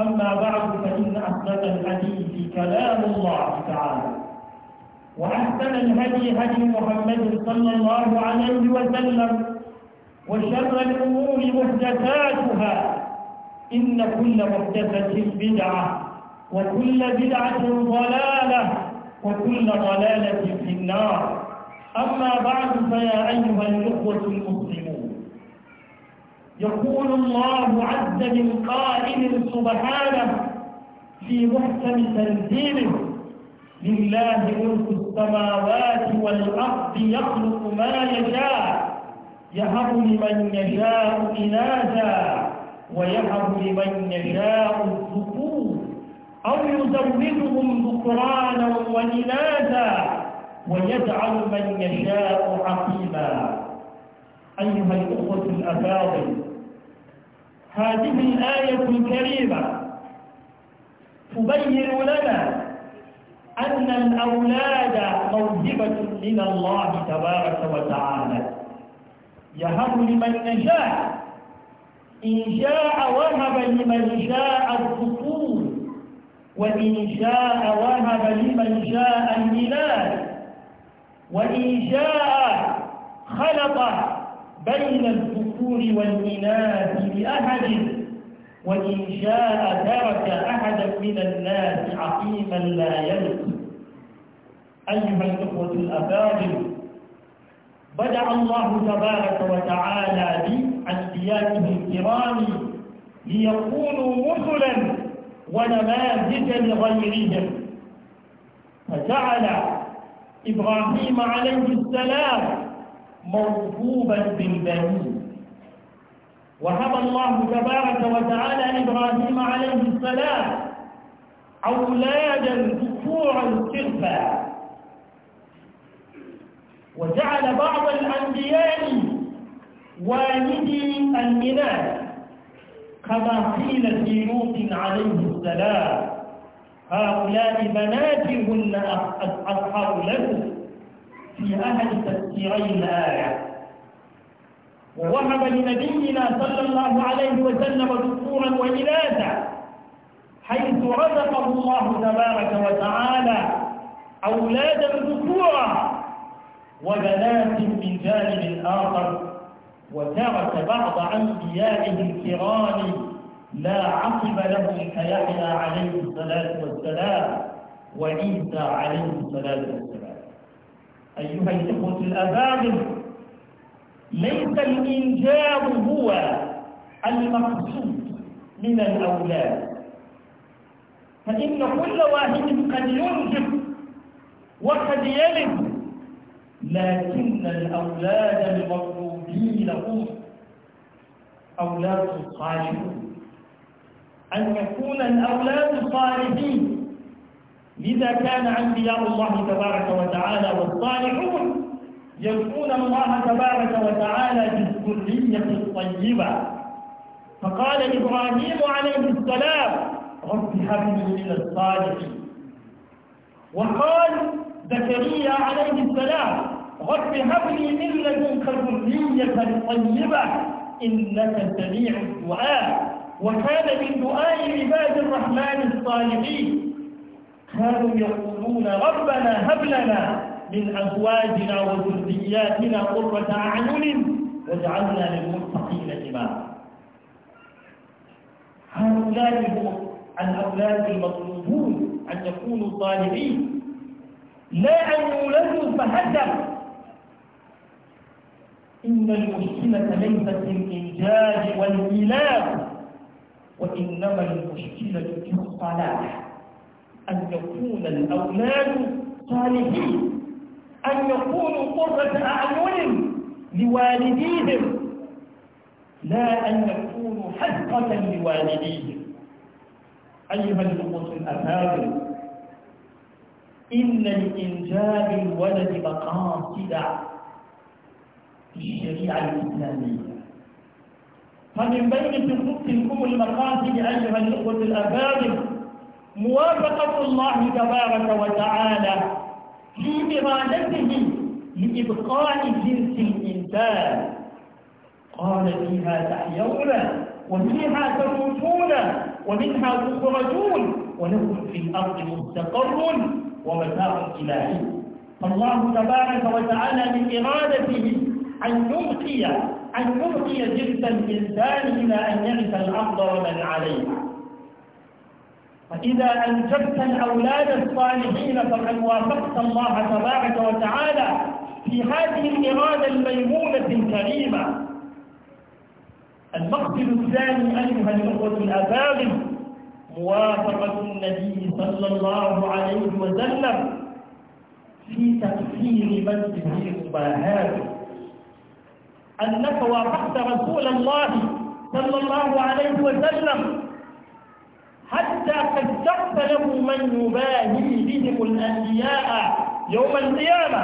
أما بعد فإن أصدق الحديث كلام الله تعالى وأحسن الهدي هدي محمد صلى الله عليه وسلم وشر الأمور محدثاتها إن كل محدثة بدعة وكل بدعة ضلالة وكل ضلالة في النار أما بعد فيا أيها الإخوة المسلمون يقول الله عز من قائل سبحانه في محكم تنزيله لله ملك السماوات والأرض يخلق ما يشاء يهب لمن يشاء إناثا ويهب لمن يشاء الذكور أو يزوجهم ذكرانا وإناثا ويجعل من يشاء عقيما أيها الأخوة الأفاضل هذه الآية الكريمة تبين لنا أن الأولاد موهبة من الله تبارك وتعالى يهب لمن نشاء إن شاء وهب لمن شاء الفطور وإن شاء وهب لمن شاء الميلاد وإن شاء خلق بين الذكور والإناث لأحد وإن شاء ترك أحدا من الناس عقيما لا يلد أيها الإخوة الأفاضل بدأ الله تبارك وتعالى بأنبيائه الكرام ليكونوا رسلا ونماذج لغيرهم فجعل إبراهيم عليه السلام موهوبا بالبنين وهب الله تبارك وتعالى إبراهيم عليه السلام أولادا ذكورا صرفا وجعل بعض الأنبياء والدي الميلاد كما قيل في لوط عليه السلام هؤلاء بناتهن اصحاب لكم في أهل تفسيري الآية ووهب لنبينا صلى الله عليه وسلم دستورا وإناثا حيث رزقه الله تبارك وتعالى أولادا ذكورا وبنات من جانب آخر وترك بعض أنبيائه الكرام لا عقب لهم كيحيى عليه الصلاة والسلام وعيسى عليه الصلاة والسلام أيها الإخوة الأبادل ليس الإنجاب هو المقصود من الأولاد فإن كل واحد قد ينجب وقد يلد لكن الأولاد المطلوبين هم أولاد صالحون أن يكون الأولاد صالحين لذا كان أنبياء الله تبارك وتعالى والصالحون يذكرون الله تبارك وتعالى بالذرية الطيبة فقال إبراهيم عليه السلام رب هب لي من الصالحين وقال زكريا عليه السلام رب هب لي من لدنك ذرية طيبة إنك سميع الدعاء وكان من دعاء عباد الرحمن الصالحين كانوا يقولون ربنا هب لنا من أزواجنا وذرياتنا قرة أعين واجعلنا للمتقين إماما هؤلاء هم الأولاد المطلوبون أن يكونوا طالبين لا أن يولدوا فهدم إن المشكلة ليست الإنجاز والإله وإنما المشكلة في الصلاح أن يكون الأولاد صالحين أن يكونوا قرة أعين لوالديهم لا أن يكونوا حسرة لوالديهم أيها الأخوة الأفاضل إن لإنجاب الولد مقاصد في الشريعة الإسلامية فمن بين تلكم المقاصد أيها الأخوة الأفاضل موافقة الله تبارك وتعالى في إرادته لإبقاء جنس الإنسان قال فيها تحيون وفيها تموتون ومنها تخرجون ولكم في الأرض مستقر ومتاع إلهي فالله تبارك وتعالى من إرادته أن يبقي أن يبقي جنس الإنسان إلى أن يرث الأرض ومن عليها فإذا أنجبت الأولاد الصالحين فقد وافقت الله تبارك وتعالى في هذه الإرادة الميمونة الكريمة المقصد الثاني أيها الأخوة الأفاضل موافقة النبي صلى الله عليه وسلم في تقصير منزله المباهاة. أنك وافقت رسول الله صلى الله عليه وسلم حتى فاستغفر له من يباهي بهم الأنبياء يوم القيامة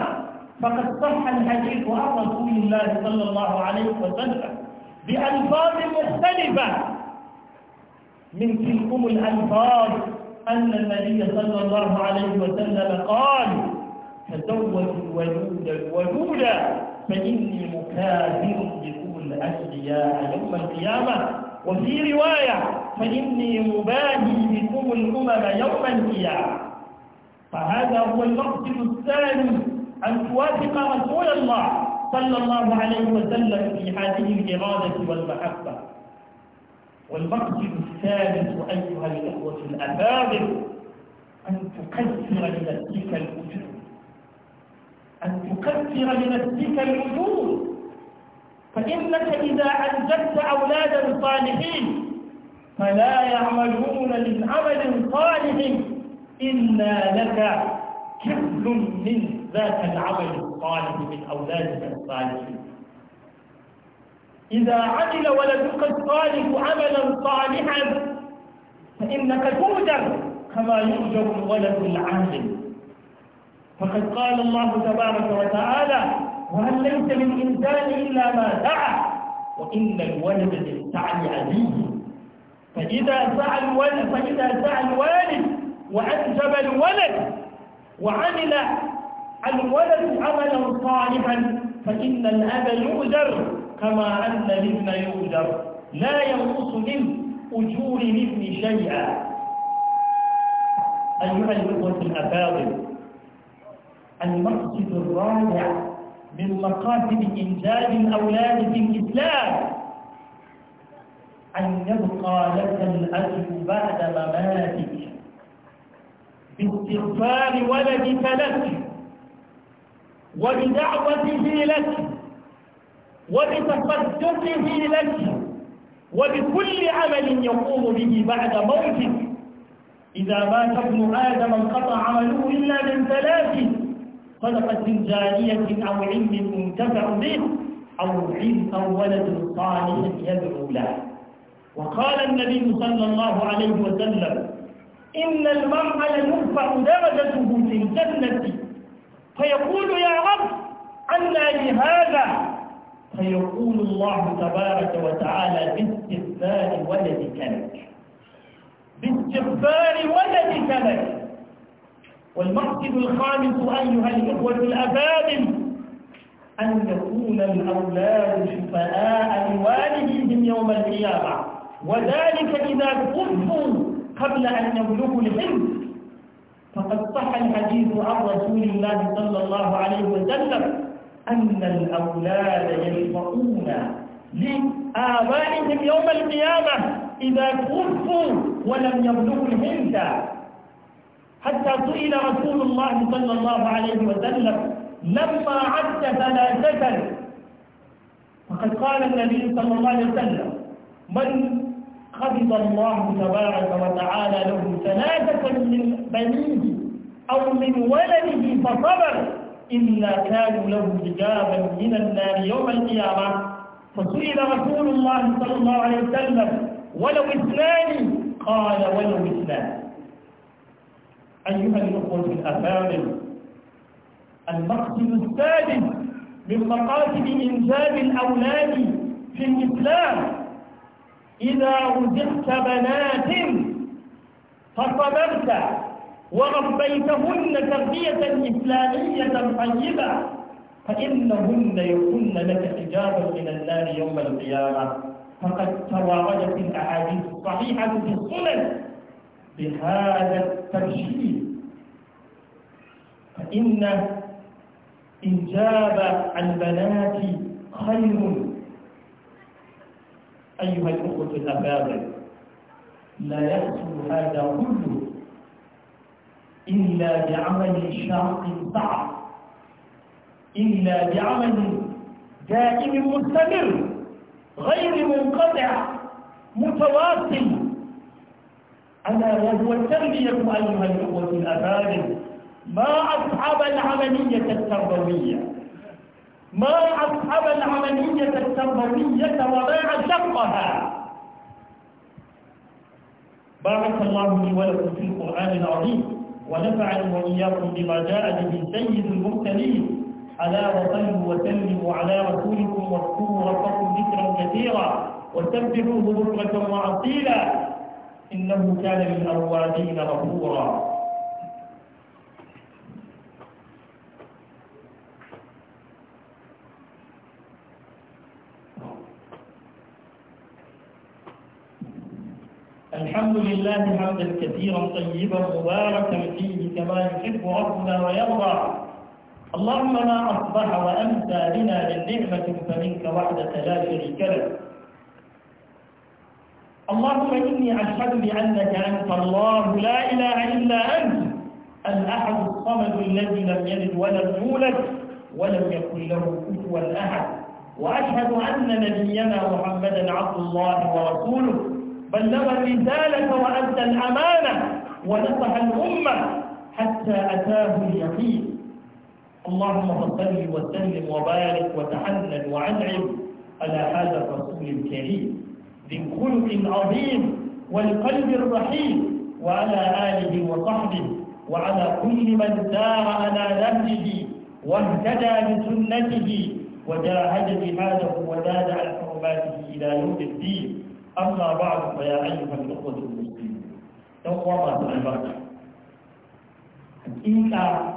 فقد صح الحديث عن رسول الله صلى الله عليه وسلم بألفاظ مختلفة من تلكم الألفاظ أن النبي صلى الله عليه وسلم قال تزوجوا الولود الولود فإني مكافر بكل الأشقياء يوم القيامة وفي رواية فإني مباهي بكم الأمم يوم القيامة فهذا هو المقصد الثاني أن توافق رسول الله صلى الله عليه وسلم في هذه الإرادة والمحبة والمقصد الثالث أيها الأخوة الأفاضل أن تكثر لنفسك الوجود أن تكثر لنفسك الوجود فإنك إذا أنجبت أولادا صالحين فلا يعملون من عمل صالح إلا لك كفل من ذاك العمل الصالح من أولادك الصالحين إذا عمل ولدك الصالح عملا صالحا فإنك تؤجر كما يؤجر الولد العامل فقد قال الله تبارك وتعالى وهل ليس من إنسان إلا ما سعى وإن الولد للسعي عزيز فإذا سعى الولد فإذا سعى الوالد وأنجب الولد وعمل الولد عملا صالحا فإن الأب يؤجر كما أن الابن يؤجر لا ينقص من أجور الابن شيئا أيها الإخوة الأفاضل المقصد الرابع من مقاصد إنجاب الأولاد في الإسلام أن يبقى لك الأجر بعد مماتك باستغفار ولدك لك وبدعوته لك وبتصدقه لك وبكل عمل يقوم به بعد موتك إذا مات ابن آدم انقطع عمله إلا من ثلاث صدقة جارية أو علم منتفع به أو علم أو ولد صالح يدعو له وقال النبي صلى الله عليه وسلم إن المرء ليرفع درجته في الجنة فيقول يا رب أنا لهذا فيقول الله تبارك وتعالى باستغفار ولدك لك باستغفار ولدك لك والمقصد الخامس أيها الإخوة الأبابل أن يكون الأولاد شفاء لوالديهم يوم القيامة وذلك إذا كفوا قبل أن يبلغوا الحلم فقد صح الحديث عن رسول الله صلى الله عليه وسلم أن الأولاد يشفقون لآبائهم يوم القيامة إذا كفوا ولم يبلغوا الحلم حتى سئل رسول الله صلى الله عليه وسلم لما عد ثلاثة فقد قال النبي صلى الله عليه وسلم من قبض الله تبارك وتعالى له ثلاثة من بنيه أو من ولده فصبر إلا كانوا له حجابا من النار يوم القيامة فسئل رسول الله صلى الله عليه وسلم ولو اثنان قال ولو اثنان أيها الأخوة الأفاضل المقصد السادس من مقاصد إنجاب الأولاد في الإسلام إذا رزقت بنات فصبرت وربيتهن تربية إسلامية طيبة فإنهن يكن لك حجابا من النار يوم القيامة فقد تواردت الأحاديث الصحيحة في السنن بهذا التبشير فإن إنجاب البنات خير أيها الأخوة الأفاضل لا يحصل هذا كله إلا بعمل شاق صعب إلا بعمل دائم مستمر غير منقطع متواصل ألا وهو التربية أيها الأخوة الأفاضل ما أصحاب العملية التربوية ما أصحب العملية التنظيمية وما أشقها بارك الله لي ولكم في القرآن العظيم ونفعني وإياكم بما جاء به سيد المرسلين ألا وصلوا وسلموا على رسولكم واذكروا ربكم ذكرا كثيرا وسبحوه بكرة وأصيلا إنه كان من الأوابين غفورا الحمد لله حمدا كثيرا طيبا مباركا فيه كما يحب ربنا ويرضى اللهم ما أصبح وأمسى بنا من نعمة فمنك وحدك لا شريك لك اللهم إني أشهد بأنك أنت الله لا إله إلا أنت الأحد الصمد الذي لم يلد ولم يولد ولم يكن له كفوا أحد وأشهد أن نبينا محمدا عبد الله ورسوله بلغ الرسالة وأدى الأمانة ونصح الأمة حتى أتاه اليقين اللهم صل وسلم وبارك وتحنن وأنعم على هذا الرسول الكريم ذي الخلق العظيم والقلب الرحيم وعلى آله وصحبه وعلى كل من سار على نهجه واهتدى بسنته وجاهد جهاده وزاد عن حرماته إلى يوم الدين أما بعد فيا أيها الأخوة المسلمون تقوى ما البركة حقيقة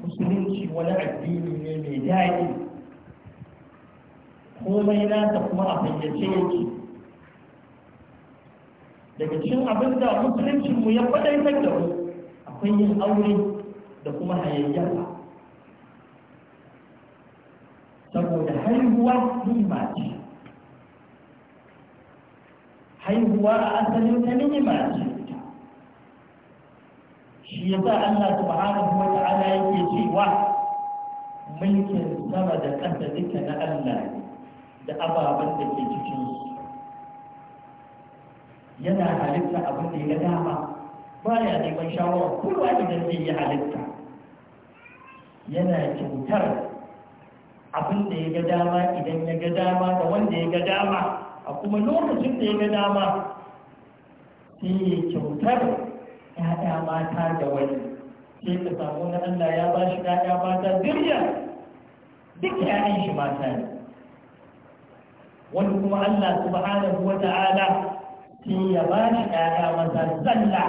musulunci wani addini ne mai daɗi komai nasa kuma a fayyace yake daga cikin abin da musuluncinmu ya faɗaitar da mu akwai yin aure da kuma hayayyafa saboda haihuwa nima ce haihuwa a asalin ta ni'ima ce shi ya sa Allah subhanahu wa ta'ala yake cewa mulkin sama da ƙasa duka na Allah da ababen da ke cikin su yana halitta abin da ya dama ba ya neman shawara kowa idan zai yi halitta yana kyautar abin da ya ga dama idan ya ga dama da wanda ya ga dama a kuma lokacin da ya ga dama sai ya kyautar ‘ya'ya mata da wani sai ka samu na Allah ya ba shi ‘ya'ya mata birya duk ‘ya'yan shi mata ne wani kuma Allah subhanahu wa ta'ala sai ya ba shi ‘ya'ya mata zalla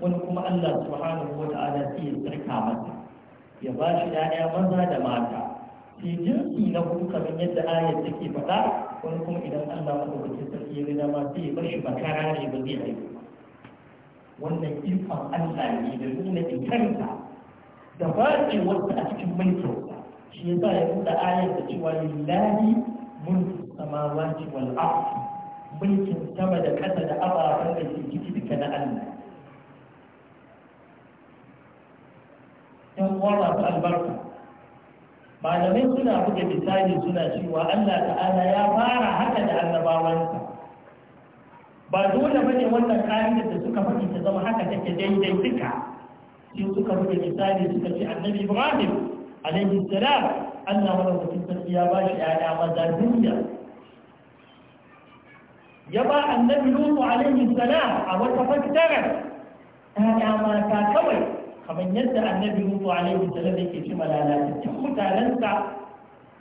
wani kuma Allah subhanahu wa ta'ala sai ya tsarka mata ya ba shi ‘ya'ya maza da mata sai jinsi na hudu kamar yadda ayar take faɗa wani kuma idan Allah madaukakin sarki ya ga dama sai ya bar shi makara ne ba zai haihu wannan ikon Allah ne da nuna ikanta da batsi wata a cikin mulkin shi yasa ya buɗe ayar da cewa lillahi mulku samawati wal ardh mulkin sama da ƙasa da ababen da ke ciki duka na Allah Ɗan uwa masu albarka malamai suna buga misali suna cewa Allah ta'ala ya ba dole ba ne wannan ƙa'idar da suka faɗi ta zama haka take daidai duka sai suka buga misali suka ce annabi ibrahim alaihi salam allah wani mutum sarki ya ba shi ƴaƴa maza duniya ya ba annabi lutu alaihi salam a wata fassarar ƴaƴa mata kawai kamar yadda annabi lutu alaihi salam yake ci malalatattun mutanensa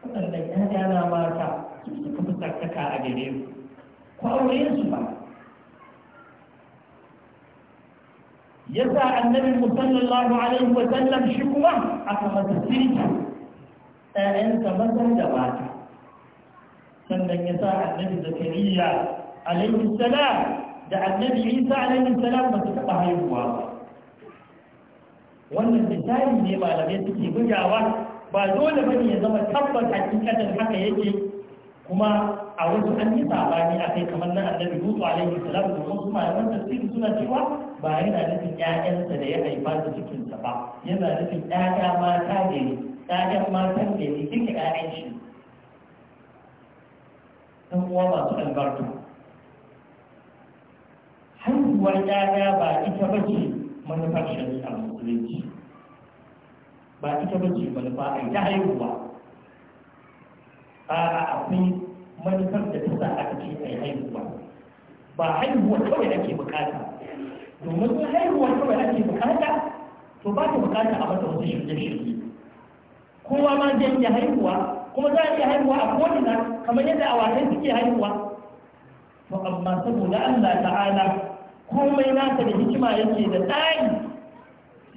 waɗannan ƴaƴa yana mata su suka fi tsarkaka a gare ku ko aure su ba yasa annabi sallallahu alaihi wa sallam shi kuma aka masa sirki ɗayansa mazan da mata sannan ya sa annabi zakariya alaihi da annabi isa alaihi salam ba su taɓa haihuwa ba wannan misali ne malamai suke bugawa ba dole bane ya zama tabbas hakikatin haka yake kuma a wasu an yi sabani a kai kamar na annabi lutu alaihi salam domin su malaman tafsiri suna cewa ba yana nufin ƴaƴansa da ya haifa da cikinsa ba yana nufin ƴaƴa mata da ne ƴaƴan matan da ne duka ƴaƴan shi ɗan uwa masu albarka haihuwar ƴaƴa ba ita ba ce manufar shari'a musulunci ba ita ba ce manufa a ita haihuwa a'a akwai manufar da ta sa ce haihuwa ba haihuwa kawai ake bukata domin su haihuwa kawai ake bukata to ba ta bukata a mata wasu shirye-shirye kowa ma zai iya haihuwa kuma za a iya haihuwa a ko'ina kamar yadda a wasan suke haihuwa to amma saboda Allah ta'ala komai nasa da hikima yake da tsari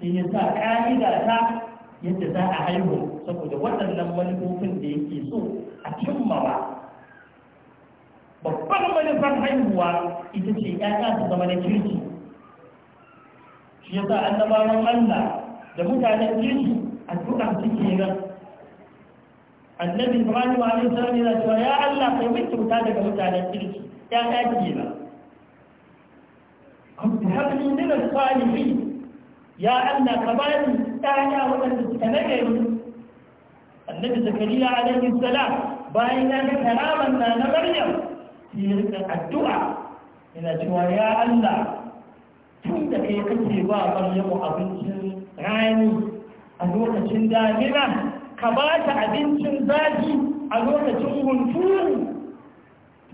sai ya sa ka'ida ta yadda za a haihu saboda waɗannan manufofin da yake so a ba. babban manufar haihuwa ita ce ‘ya'ya su zama na kirki shi ya sa annabawan Allah da mutanen kirki a tukan su ke nan annabi ibrahim alayhi salam na cewa ya Allah kai min kyauta daga mutanen kirki ‘ya'ya ke nan kuma rabbi habli min as-salihin ya Allah ka bani ɗaya waɗanda suka na gari annabi zakariya alaihi salam bayan ya ga karaman na na maryam sirrin addu'a yana cewa ya Allah tun da kai kake ba Maryamu abincin rani a lokacin damina ka ba ta abincin zafi a lokacin hunturu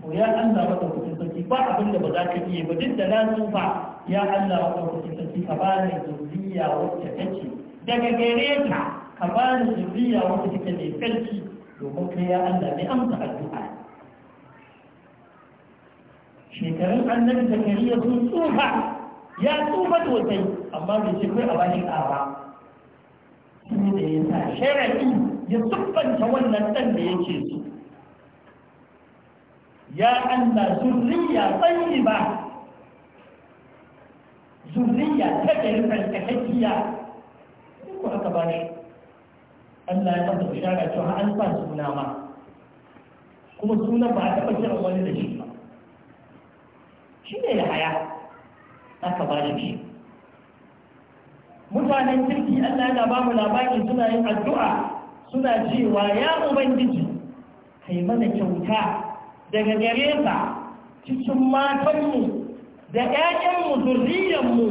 to ya Allah maka kuɗin sarki ba abin da ba za ka iya ba duk da na tsufa ya Allah maka kuɗin sarki ka ba ni zuriya wacce take daga gare ka ka ba ni zuriya wacce take mai sarki domin kai ya Allah mai amsa addu'a shekarun annabi zakariya sun tsufa ya tsufa sosai amma bai ce kai a bashi ɗa ba shi da ya sa shari'i ya siffanta wannan ɗan da yake so ya Allah zurriya tsayi ba zurriya ta gari tsarkakakkiya ko aka bashi Allah ya masa bishara cewa an sa suna ma kuma sunan ba a taɓa kiran wani da shi ba shi ne da haya aka ba da shi mutanen kirki Allah yana ba mu labarin suna yin addu'a suna cewa ya ubangiji kai mana kyauta daga gare ka cikin matanmu da ‘ya'yanmu zurriyanmu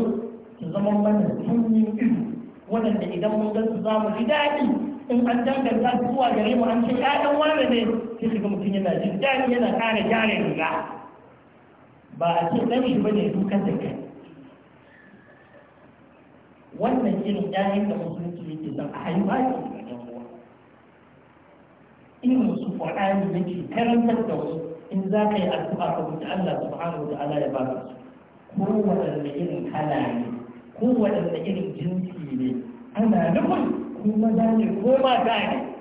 su zama mana sanyin ido waɗanda idan mun gansu za mu ji daɗi in an danganta zuwa gare mu an ce ‘ya'yan wane ne sai shiga mutum yana jin daɗi yana ƙara gyara riga ba a ce ɗan shi bane dukan da kai wannan irin ƴaƴan da musulunci yake son a haifa ke ga ɗan uwa irin su ƙwaƙani yake karantar da wasu in za ka yi addu'a ka roƙi Allah subhanahu wa ta'ala ya baka su ko waɗanne irin kala ne ko waɗanne irin jinsi ne ana nufin ko maza ne ko mata ne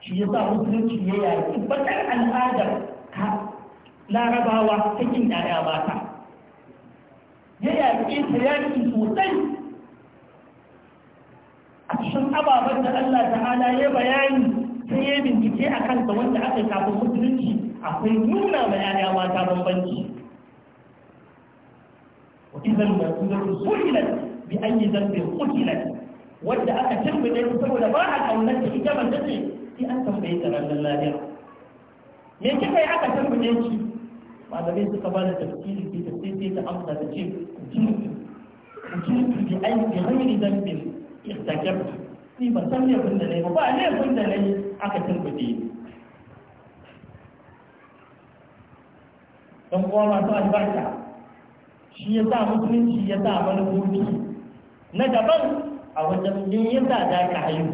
shi yasa sa musulunci ya yaƙi bakar al'adar larabawa ta kin ɗaya mata ya yaƙe ta yaƙi sosai a cikin ababen da Allah ta'ala ya bayani sai ya bincike a kansa wanda aka kafin musulunci akwai nuna ma ƴaƴa mata bambanci idan da su sulilat bi an yi zambe kutilat wanda aka tumbule ta saboda ba a kaunar ta ita ban dace sai an tambaye ta ranar lafiya me kika yi aka tumbule ki malamai suka ba da tafsiri ke ta sai ta amsa da ce jirgin bi aiki hanyar zambin istajarta ni ba san abin da na yi ba ne abin da na yi aka turbide ni don kuma masu albarka shi ya sa musulunci ya sa manufofi na daban a wajen yin yasa za ka haihu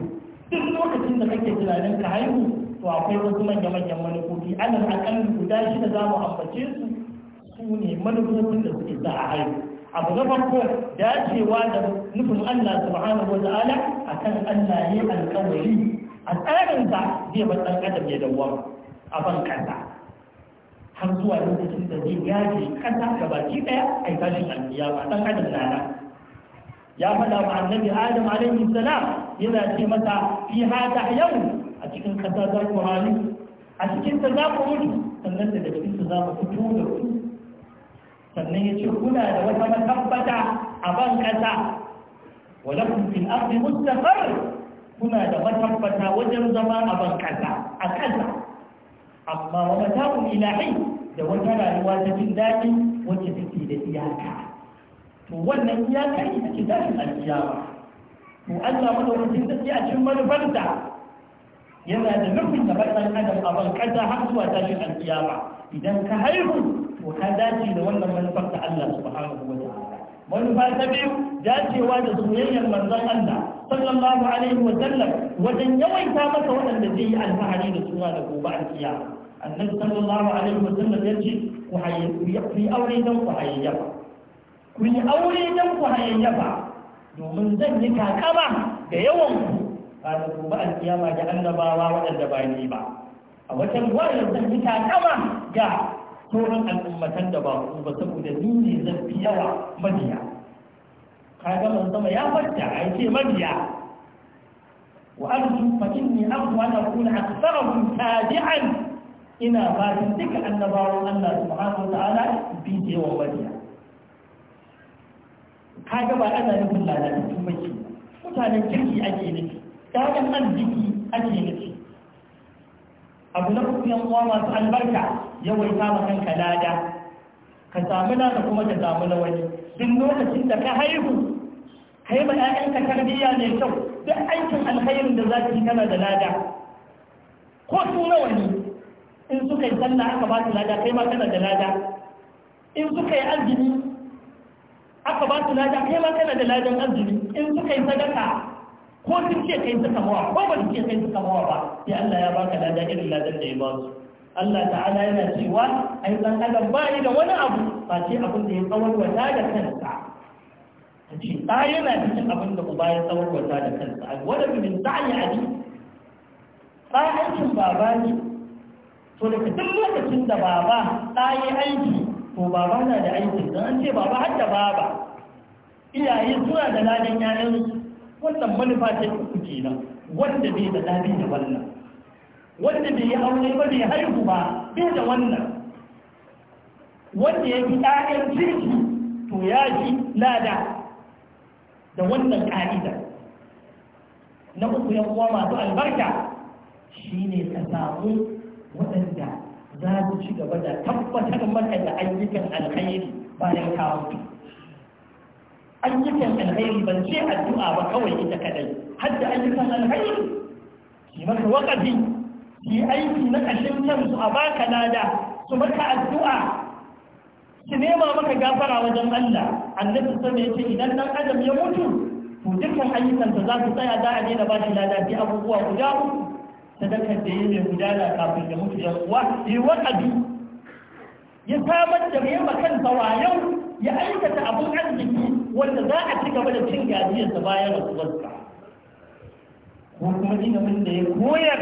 duk lokacin da kake tunanin ka haihu to akwai wasu manya-manyan manufofi a kan guda shida za mu ambace su su ne manufofin da suke sa a haihu abu na farko dacewa da nufin Allah subhanahu wa ta'ala akan Allah ya alƙawari a tsarin sa zai bar dan adam ya dawo a ban kasa har zuwa lokacin da zai yaje ga baki daya a tashin alƙiyama dan adam na nan ya faɗa wa annabi adam alaihi salam yana ce masa fi hada yau a cikin kasa za ku rayu a cikin ta za ku mutu sannan da cikin su za ku fito da ku sannan ya ce kuna da wata matabbata a ban ƙasa walakum fil ardi mustaqar kuna da matabbata wajen zama a ban ƙasa a ƙasa amma wa mata'un ilahi da wata rayuwa ta jin daɗi wacce take da iyaka to wannan iyaka ita ce tashin alkiyama to Allah madaukakin ke a cikin manufarta yana da nufin da baɗan adam a balkata har zuwa tashin alƙiyama idan ka haihu to ka dace da wannan manufar ta Allah subhanahu wa ta'ala manufa ta biyu dacewa da soyayyar manzon Allah sallallahu alaihi wa sallam wajen yawaita maka waɗanda zai yi alfahari da suna da gobe a alƙiyama annabi sallallahu alaihi wa sallam ya ce ku yi aure don ku hayayyafa ku yi aure don ku hayayyafa domin zan yi kakama da yawan ku ranar gobe alkiyama da annabawa waɗanda ba ni ba a wata ruwayar zan yi takama ga sauran al'ummatan da ba ku ba saboda ni ne zan fi yawa mabiya kaga man sama ya fadda a yake mabiya wa arju fa inni arju an akuna aktharahum tabi'an ina fatan duka annabawan Allah subhanahu wa ta'ala bi yawan mabiya ga ba ana nufin lalatattu tun ke mutanen kirki ake nufi kayan jiki ake nufi abu na uku yan uwa masu albarka yawai ta ma kanka lada ka samu lada kuma ka samu na wani duk lokacin da ka haihu kai ma ƴaƴanka tarbiyya ne kyau duk aikin alkhairin da za ki kana da lada ko su nawa ne in suka yi sallah aka ba su lada kai ma kana da lada in suka yi arziki, aka ba su lada kai ma kana da ladan arziki. in suka yi sadaka ko sun ce kai suka mawa ko ba su ce kai suka mawa ba sai Allah ya baka lada irin ladan da ya ba su Allah ta'ala yana cewa ai dan adam ba ni da wani abu ba ce abin da ya wata da kansa ce ta yana cikin abin da uba ya wata da kansa wanda bin sa'i ali ba aikin baba ne to daga duk lokacin da baba ta yi aiki to baba na da aiki. don an ce baba har da baba iyaye suna da ladan 'ya'yansu wannan manufa ce uku kenan wanda bai da dadi da wannan wanda bai yi aure ba bai haihu ba bai da wannan wanda ya fi ɗayan jirgi to ya ji lada da wannan ƙa'ida na uku yan kuwa masu albarka shine ka samu waɗanda za ci gaba da tabbatar maka da ayyukan alkhairi bayan kawo ayyukan alkhairi ban ce addu'a ba kawai ita kadai har da ayyukan alkhairi ki maka waqafi ki aiki na kashin kansu a baka lada su maka addu'a su nema maka gafara wajen Allah annabi sai ya ce idan dan adam ya mutu to dukkan ayyukansa za su tsaya za a daina ba shi lada sai abubuwa guda uku sadakar da yi mai gudana kafin ya mutu yan uwa yi wa'adu ya samar da ya makan yau ya aikata abun arziki wanda za a ci gaba da cin gajiyarsa bayan rasuwarsa ko kuma ilimin da ya koyar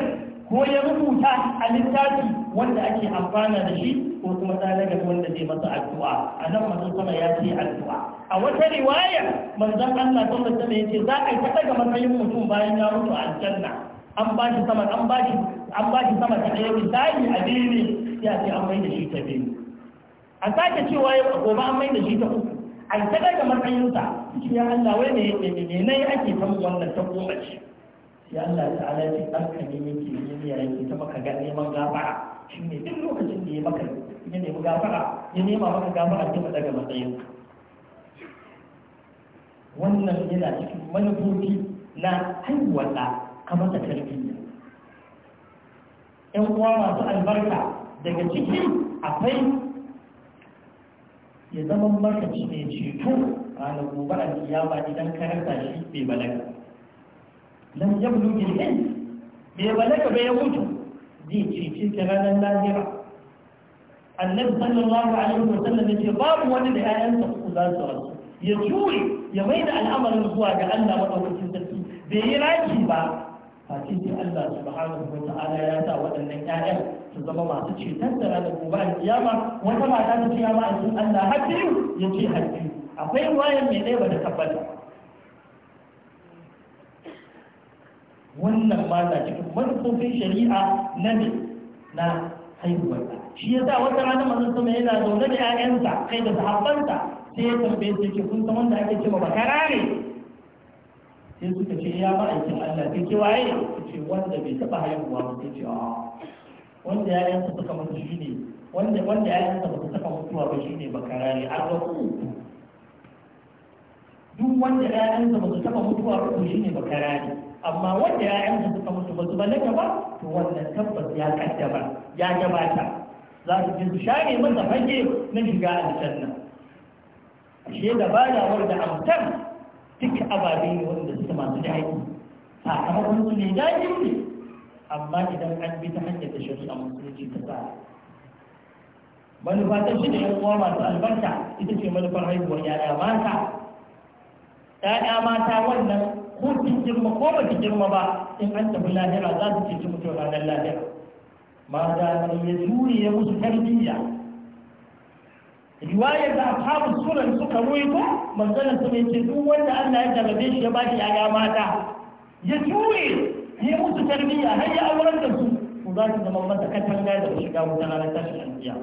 ko ya rubuta a littafi wanda ake amfana da shi ko kuma ɗalibar wanda zai masa addu'a a nan manzon sama ya ce addu'a a wata riwaya manzon Allah sallallahu alaihi ya ce za a yi ta ga matsayin mutum bayan ya mutu a aljanna an ba shi sama an ba shi an ba shi sama ta ɗaya misali a bene. ya ce an mai da shi ta bene. a sake cewa gobe an mai da shi ta uku ai ta daga matsayinsa cikin ya Allah wai ne ne ne ake kan wannan ta goma ce sai Allah ta'ala ce ka ne yake ne ya yake ta maka ga neman gafara ne duk lokacin da ya maka ya nemi gafara ya nema maka gafara ta daga matsayinka wannan yana cikin manufofi na haihuwar da kamar da ne yan uwa masu albarka daga ciki akwai ya zama maka cikin ne ceto ranar gobe a kiyama idan ka rasa shi bai balaga lam yablu bil ilm bai balaga bai ya mutu zai cece ta ranar lahira annabi sallallahu alaihi wa sallam yace babu wani da ƴaƴansa ku za su rasu ya jure ya mai da al'amarin zuwa ga Allah madaukakin sarki bai yi raki ba fa sai Allah subhanahu wa ta'ala ya sa waɗannan ƴaƴan su zama masu cutar da ranar gobe a kiyama wata mata ta ce ya ma'aikin Allah har ya ce har akwai wayan mai ɗaya ba da tabbata wannan ma na cikin manufofin shari'a na ne na haihuwar shi ya sa wata rana manzon sama yana zaune da 'ya'yansa kai da sahabbansa sai ya tambaye su ce kun san wanda ake cewa bakara ne sai suka ce ya ma'aikin Allah sai ke waye ce wanda bai taɓa haihuwa ba sai ce a ah. wanda yayansa suka mutu ne wanda wanda yayansa ba su saka mutuwa ba shine bakarare arrafu duk wanda yayansa ba su saka mutuwa ba bakara ne amma wanda yayansa suka mutu ba su balaga ba to wannan tabbas ya kaddama ya gabata za su je su share masa fage na shiga aljanna ashe da ba da amsar duk ababe ne wanda suka masu daɗi sakamakon su ne daɗi ne amma idan an bi ta hanyar da shari'a musulunci ta sa manufa ta shi da yan uwa masu albarka ita ce manufar haihuwar yaya mata ya'ya mata wannan ko kin girma ko ba ki girma ba in an tafi lahira za su ceci mutum ranar lahira ma da ya juriye musu tarbiyya riwayar da ashabu sunan suka ko manzalan su mai ce duk wanda Allah ya jarabe shi ya ba shi yaya mata ya turi. yi musu tarbiyya har ya auren da su to za su zama masa katanga da shiga wuta ranar tashin aljiya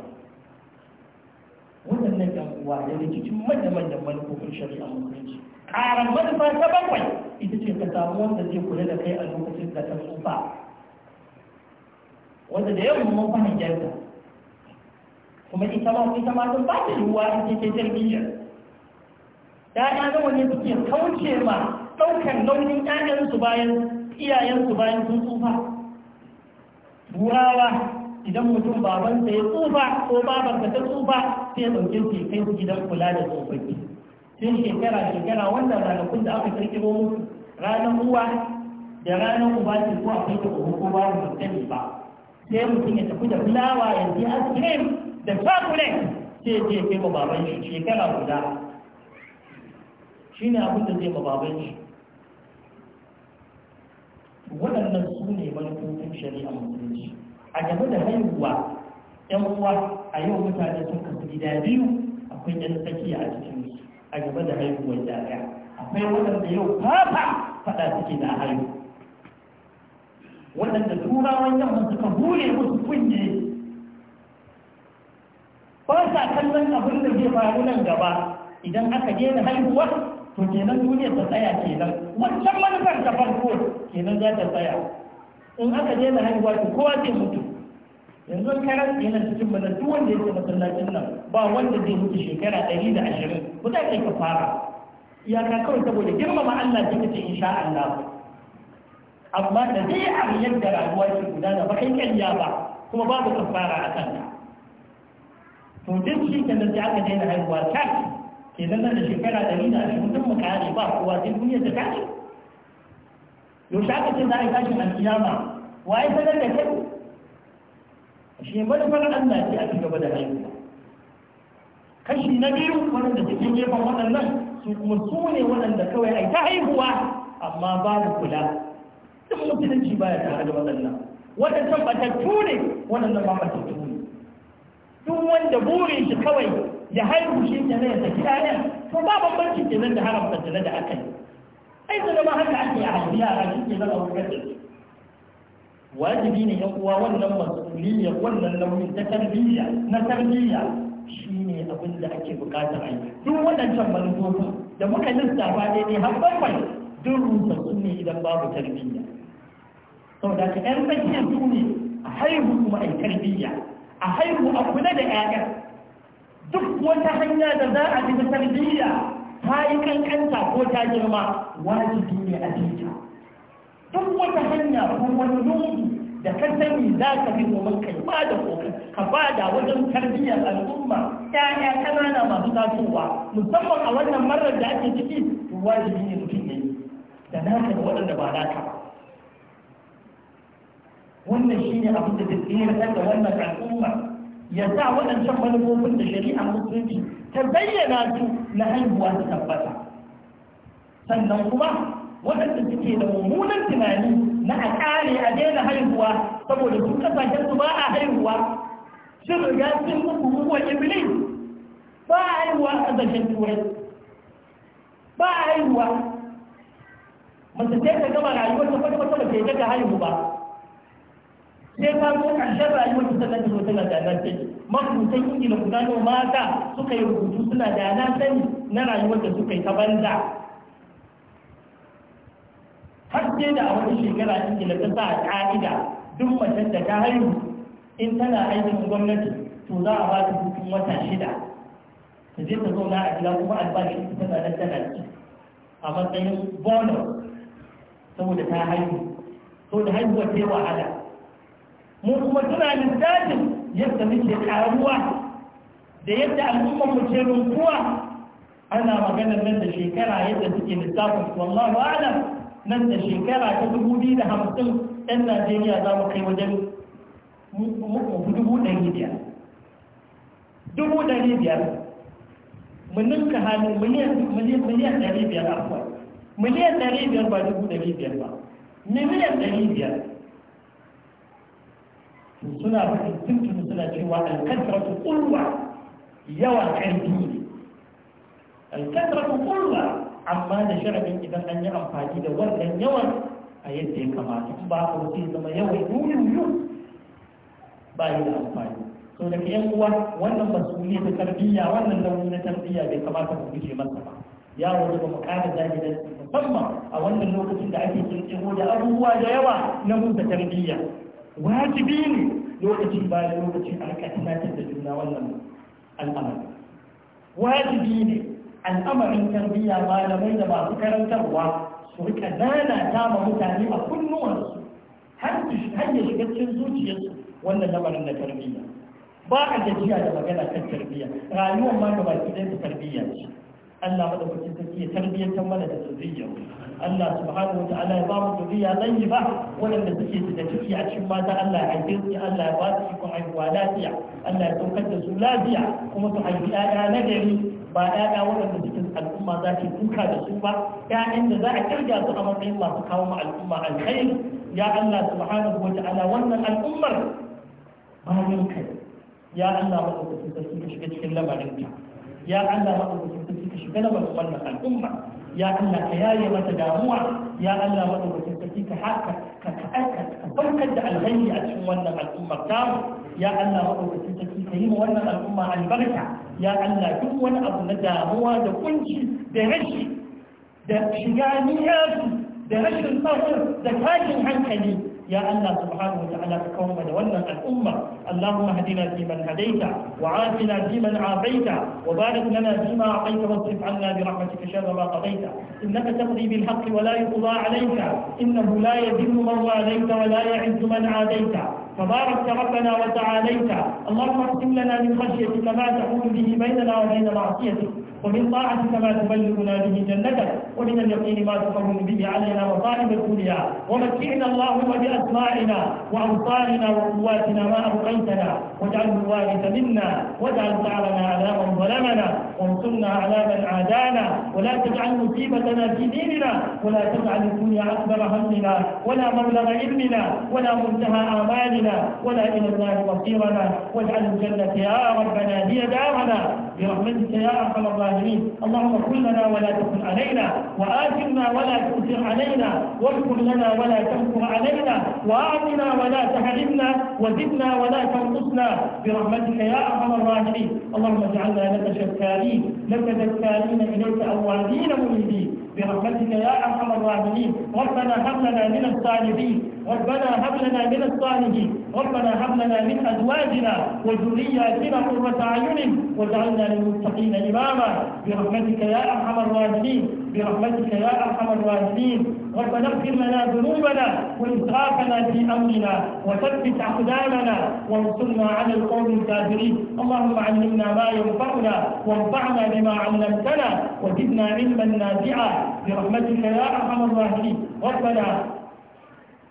waɗannan ɗan uwa da rikicin manya-manyan manufofin shari'a musulunci ƙarar manufa ta bakwai ita ce ka samu wanda zai kula da kai a lokacin da ta tsufa wanda da yawan mun fahimtar ta kuma ita ma ita ma sun bata yiwuwa ita ke tarbiyya Ya'ya ya ga wani suke kauce ma ɗaukar nauyin ƴaƴansu bayan iyayensu bayan sun tsufa turawa idan mutum babansa ya tsufa ko babarsa ta tsufa sai ɗauke su ya kai su gidan kula da tsofaffi sai shekara shekara wannan ranakun da aka kirkiro musu ranar uwa da ranar uba ce ko akwai ta uku ko babu mutane ba sai mutum ya tafi da fulawa ya je askirim da chocolate sai je kai ma baban shi shekara guda shine abin da zai ma baban shi waɗannan su ne manufofin shari'a musulunci a game da haihuwa yan uwa a yau mutane sun kafa gida biyu akwai yan tsakiya a cikin su a game da haihuwar yaya akwai waɗanda yau fafa faɗa suke da haihu waɗanda turawan yamma suka hure musu kunne ba sa kallon abin da zai faru nan gaba idan aka gina haihuwa to kenan duniyar ta tsaya kenan wancan manufar ta farko kenan za ta tsaya in aka je da haihuwa to kowa zai mutu yanzu karan yana cikin mana duk wanda yake masallacin nan ba wanda zai mutu shekara ɗari da ashirin ku za ka ka fara iyaka kawai saboda girmama Allah ta kace insha Allah amma da zai abin yadda rayuwa ke gudana ba kai kanya ba kuma babu kafara a kanka to duk shi kenan sai aka daina haihuwa ta. ke na da shekara ɗari da ashirin don mu kare ba kowa sai duniya ta kare yaushe aka ce za a yi tashin alkiyama waye sanar da kai shi manufar Allah ce a cigaba da haihuwa kashi na biyu waɗanda suke gefen waɗannan su kuma su ne waɗanda kawai ai ta haihuwa amma ba babu kula duk musulunci baya tare da waɗannan waɗannan batattu ne waɗannan ba batattu ne duk wanda burin shi kawai Da haihu shi ne nan ya saki ɗayan to ba bambanci ke nan da haramta zina da aka yi ai su ma haka ake a haifi yara shi ke nan a wurin da wajibi ne yan uwa wannan masuliyar wannan nauyin ta tarbiyya na tarbiyya shi ne abin da ake bukata a yi duk waɗancan manufofin da muka lissafa ne ne har bakwai duk rusa sun ne idan babu tarbiyya sau da ka yan tsakiyar su ne a haihu kuma a tarbiyya a haihu a kula da 'ya'yan duk wata hanya da za a ji tarbiyya ta yi kankanta ko ta girma wajibi ne a jinta duk wata hanya ko wani lungu da ka sani za ka bi domin kai ba da kokari ka ba da wajen tarbiyyar al'umma ƴaƴa kanana masu tasowa musamman a wannan marar da ake ciki wajibi ne mutum ya yi da naka da waɗanda ba naka ba wannan shine abin da ta tsira da wannan al'umma ya sa waɗancan manufofin da shari'a musulunci ta bayyana su na haihuwa ta tabbata sannan kuma waɗanda suke da mummunan tunani na a ƙare a daina haihuwa saboda su kasashen su ba a haihuwa sun riga sun muku ruwan iblis ba a haihuwa a ƙasashen turai ba a haihuwa ba su sai ta gama rayuwar ta kwata-kwata ba ta yi daga haihu ba sai ka zo ƙarshen rayuwar ta sannan ta tana da na sani marubutan ingila ku gano mata suka yi rubutu suna da na sani na rayuwar da suka yi ta banza har sai da a wani shekara ingila ta sa ƙa'ida duk macen da ta haihu in tana aikin gwamnati to za a ba ta hutun wata shida ta je ta zauna a gida kuma albashi ta tana tana ci a matsayin bonus saboda ta haihu saboda haihuwar ta yi wahala mu kuma tuna lissafin yadda muke karuwa da yadda al'ummar mu ce runkuwa ana magana nan da shekara yadda suke lissafin wallahu alam nan da shekara ta dubu biyu da hamsin ɗan najeriya za mu kai wajen dubu ɗari biyar dubu ɗari biyar mu ninka hannu miliyan ɗari biyar afuwa miliyan ɗari biyar ba dubu ɗari biyar ba miliyan ɗari biyar suna faɗi tuntun suna cewa alkataratu ƙulwa yawa ƙarfi ne alkataratu ƙulwa amma da sharafin idan an yi amfani da wannan yawan a yadda ya kamata ba ko sai zama yawan yuyu ba yi da amfani sau daga yan uwa wannan masuliyya ta tarbiyya wannan launi na tarbiyya bai kamata mu guje masa ba ya wani ba mu kada zagidan musamman a wannan lokacin da ake kirkiro da abubuwa da yawa na mun tarbiyya wajibi ne lokacin bayan lokacin a da juna wannan al'amari wajibi ne al'amarin tarbiyya malamai da masu karantarwa su rika ta ma mutane a kunnuwansu har ya shiga cikin zuciyarsu wannan lamarin na tarbiyya ba a gajiya da magana kan tarbiyya rayuwar ma ga baki ɗaya tarbiyya ce Allah madaukakin sarki ya tarbiyyantar mana da zuriya Allah subhanahu wa ta'ala ya ba mu zuriya yi ba waɗanda suke da ciki a cikin mata Allah ya haife su Allah ya ba su haihuwa lafiya Allah ya saukar da su lafiya kuma su haifi ƴaƴa na gari ba ƴaƴa cikin al'umma za ta da su ba ƴaƴan da za a kirga su a matsayin masu kawo ma al'umma alkhairi ya Allah subhanahu wa ta'ala wannan al'ummar bayan kai ya Allah madaukakin sarki ka shiga cikin lamarin ya Allah madaukakin suka shiga na wannan al'umma ya Allah ka yaye mata damuwa ya Allah madaukakin sarki ka haka ka ka barkar da alhaji a cikin wannan al'umma ta ya Allah madaukakin sarki ka yi wannan al'umma albarka ya Allah duk wani abu na damuwa da kunci da rashi da shiga niyyar da rashin tsaro da tashin hankali يا الله سبحانه وتعالى كوم دولنا الأمة اللهم اهدنا فيمن هديت وعافنا فيمن عافيت وبارك لنا فيما أعطيت واصرف عنا برحمتك شر ما قضيت إنك تقضي بالحق ولا يقضى عليك إنه لا يذل من واليت ولا يعز من عاديت تبارك ربنا وتعاليت اللهم اقسم لنا من خشيتك ما تحول به بيننا وبين معصيتك ومن طاعتك ما تبلغنا به جنتك ومن اليقين ما تقوم به علينا مصائب الدنيا ومتعنا اللهم باسمائنا وابصارنا وقواتنا ما ابقيتنا واجعله الوارث منا واجعل ثارنا على من ظلمنا وانصرنا على من عادانا ولا تجعل مصيبتنا في ديننا ولا تجعل الدنيا اكبر همنا ولا مبلغ علمنا ولا منتهى امالنا ولا إلى الله مصيرنا واجعل الجنة يا ربنا هي دارنا برحمتك يا أرحم الراحمين اللهم كن لنا ولا تكن علينا وآثرنا ولا تؤثر علينا واغفر لنا ولا تغفر علينا وأعطنا ولا تحرمنا وزدنا ولا تنقصنا برحمتك يا أرحم الراحمين اللهم اجعلنا لك شكارين لك ذكارين إليك أوابين مريدين برحمتك يا أرحم الراحمين ربنا هب لنا من الصالحين ربنا هب لنا من الصالحين ربنا هب لنا من أزواجنا وذرياتنا قرة أعين واجعلنا للمتقين إماما برحمتك يا أرحم الراحمين برحمتك يا أرحم الراحمين ربنا اغفر لنا ذنوبنا وإسرافنا في أمرنا وثبت أقدامنا وانصرنا على القوم الكافرين اللهم علمنا ما ينفعنا وانفعنا بما علمتنا وزدنا علما نافعا برحمتك يا أرحم الراحمين ربنا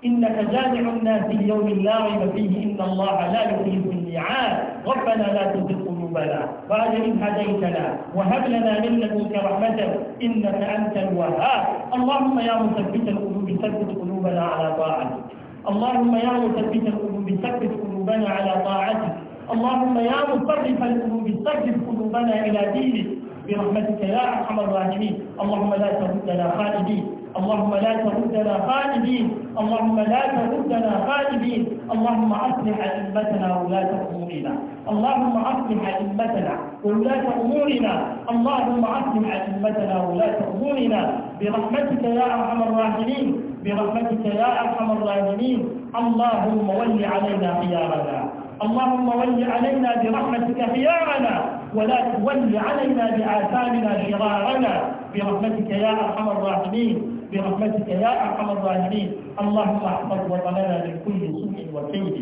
إنك جامع الناس ليوم لا ريب فيه إن الله لا يخلف الميعاد ربنا لا تزغ قلوبنا بعد إن هديتنا وهب لنا من لدنك رحمة إنك أنت الوهاب اللهم يا مثبت القلوب ثبت قلوبنا على طاعتك اللهم يا مثبت القلوب ثبت قلوبنا على طاعتك اللهم يا مصرف القلوب ثبت قلوبنا إلى دينك برحمتك يا أرحم الراحمين اللهم لا تردنا خالدين اللهم لا تردنا خالدين اللهم لا تردنا خالدين اللهم أصلح أئمتنا وولاة أمورنا اللهم أصلح أئمتنا وولاة أمورنا اللهم أصلح أئمتنا وولاة أمورنا برحمتك يا أرحم الراحمين برحمتك يا أرحم الراحمين اللهم ول علينا خيارنا اللهم ول علينا برحمتك خيارنا ولا تولي علينا بآثامنا شرارنا برحمتك يا أرحم الراحمين برحمتك يا ارحم الراحمين اللهم احفظ وطننا من كل سوء وكيد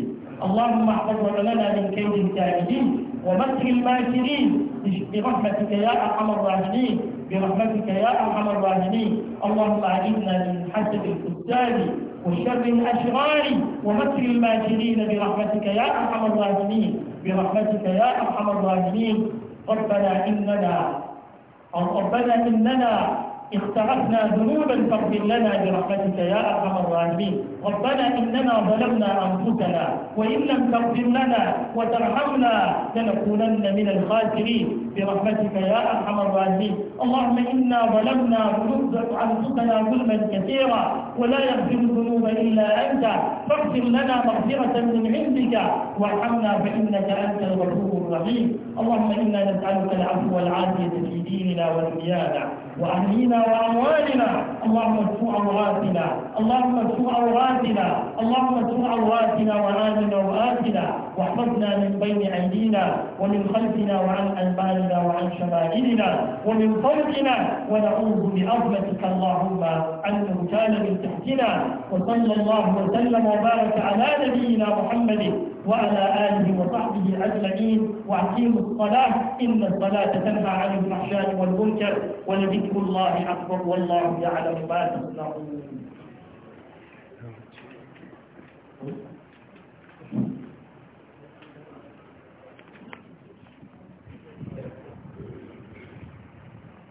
اللهم احفظ وطننا من كيد الكائدين ومكر الماكرين برحمتك يا ارحم الراحمين برحمتك يا ارحم الراحمين اللهم أعذنا من حسد الفساد وشر الأشرار ومكر الماكرين برحمتك يا أرحم الراحمين برحمتك يا أرحم الراحمين ربنا إننا أو ربنا إننا اقترفنا ذنوبا فاغفر لنا برحمتك يا ارحم الراحمين ربنا اننا ظلمنا انفسنا وان لم تغفر لنا وترحمنا لنكونن من الخاسرين برحمتك يا ارحم الراحمين اللهم انا ظلمنا انفسنا ظلما كثيرا ولا يغفر الذنوب الا انت فاغفر لنا مغفره من عندك وارحمنا فانك انت الغفور الرحيم اللهم انا نسالك العفو والعافيه في ديننا ودنيانا وأهلينا وأموالنا اللهم استر عوراتنا اللهم استر عوراتنا اللهم استر عوراتنا وآمنا وآتنا واحفظنا من بين أيدينا ومن خلفنا وعن أنبالنا وعن شمائلنا ومن فوقنا ونعوذ بعظمتك اللهم أن كان من تحتنا وصلى الله وسلم وبارك على نبينا محمد وعلى آله وصحبه أجمعين وأقيموا الصلاة إن الصلاة تنهى عن الفحشاء والمنكر ولذكر الله أكبر والله يعلم ما تصنعون